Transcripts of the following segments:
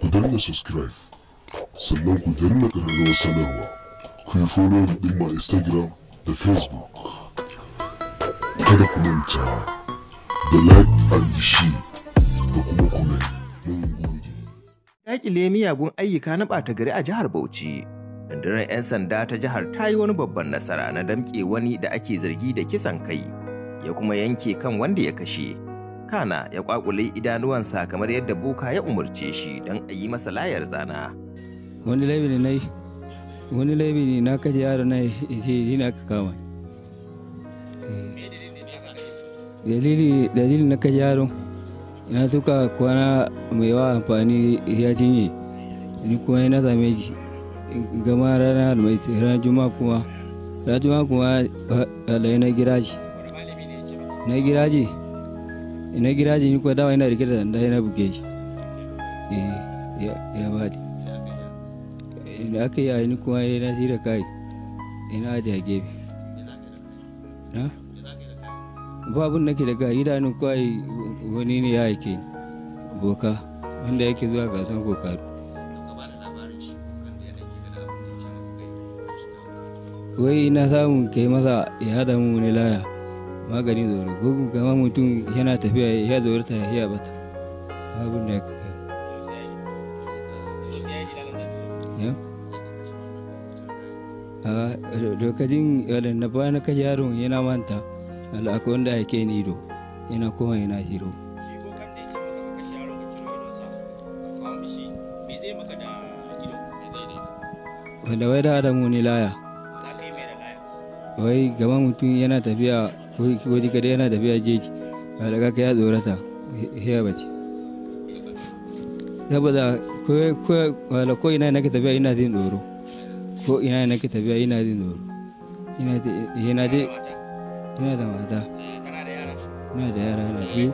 ku danna subscribe sannan ku danna ƙararrawar sanarwa ku yi follow ɗin ma instagram da facebook kada ku manta da like and share da kuma comment mun gode miyagun ayyuka na ɓata gari a jihar bauchi rundunar 'yan sanda ta jihar ta yi wani babban nasara na damƙe wani da ake zargi da kisan kai ya kuma yanke kan wanda ya kashe kana ya kwakule idanuwansa kamar yadda buka ya umarce shi don a yi masa layar zana wani laifi ne nai wani laifi ne na kaji yaro na yi na ka kama eh. dalili dalili na kaji yaro na suka kwana mai wa amfani ya cinye ni kuma yana same shi gama ranar mai ranar juma kuma ranar juma'a kuma eh, na giraji. na giraji? ina giraji ni kuwa dawa yana rike da danda yana buge shi eh, ya badi da aka yi ni kuma ya na tira kai ina aji a gefe na ba abin nake da kai idanun yi wani ne ya yake boka wanda yake zuwa gasan kokaru wai na samun kai masa ya hada mu wani laya magani wuri ko gama mutum yana tafiya ya zaure ta ya ta abin da ya kai lokacin na bayan kashe yaron yana manta akwai wanda ya ke do yana kuma yana shiro wadda wai da adamu ni laya wai gama mutum yana tafiya wani kada yana tafiya jeji ba da kaka ya tsorata ya bace saboda ko ina ka tafiya ina jin tsoro ko ina ka tafiya ina jin tsoro ina da ina da mata ina da yara na biyu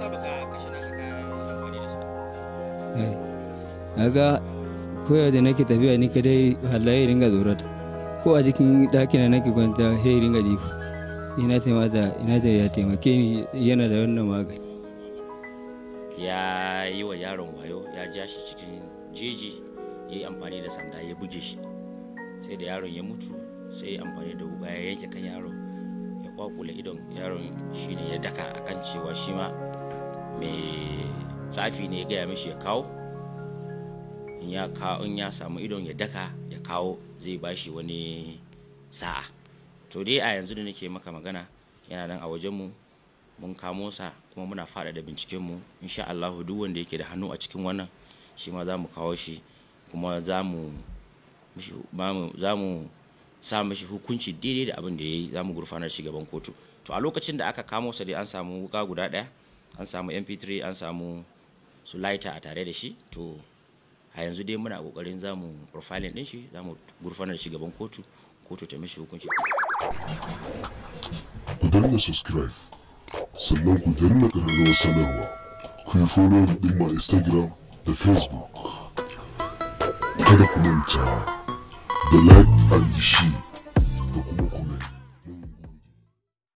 eh, aga koya da nake tafiya ni kadai halaye ringa tsorata ko a cikin ɗakina nake kwanta sai ringa jifa ina ya taimake ni yana da wannan magani ya yi wa yaron wayo ya ja shi cikin jeji ya yi amfani da sanda ya buge shi sai da yaron ya mutu sai ya amfani da wuga ya yanke kan yaron ya kwakula idon yaron shine ya daka akan cewa shi ma mai tsafi ne ya gaya mishi ya kawo in ya samu idon ya daka ya kawo zai bashi wani sa'a to dai a yanzu da nake maka magana yana nan a wajenmu mun kamo sa kuma muna faɗa da bincikenmu insha Allah duk wanda yake da hannu a cikin wannan shi ma za mu kawo shi kuma za mu sa mashi hukunci daidai da abin da ya yi za mu gurfanar shi gaban kotu to a lokacin da aka kamo sa dai an samu wuka guda ɗaya an samu mp3 an samu su laita a tare da shi to a yanzu dai muna kokarin zamu profiling din shi zamu gurfanar shi gaban kotu kotu ta mishi hukunci ku danna subscribe sannan ku danna ƙararrawar sanarwa ku yi follow ɗin ma instagram da facebook kada ku manta da like and the share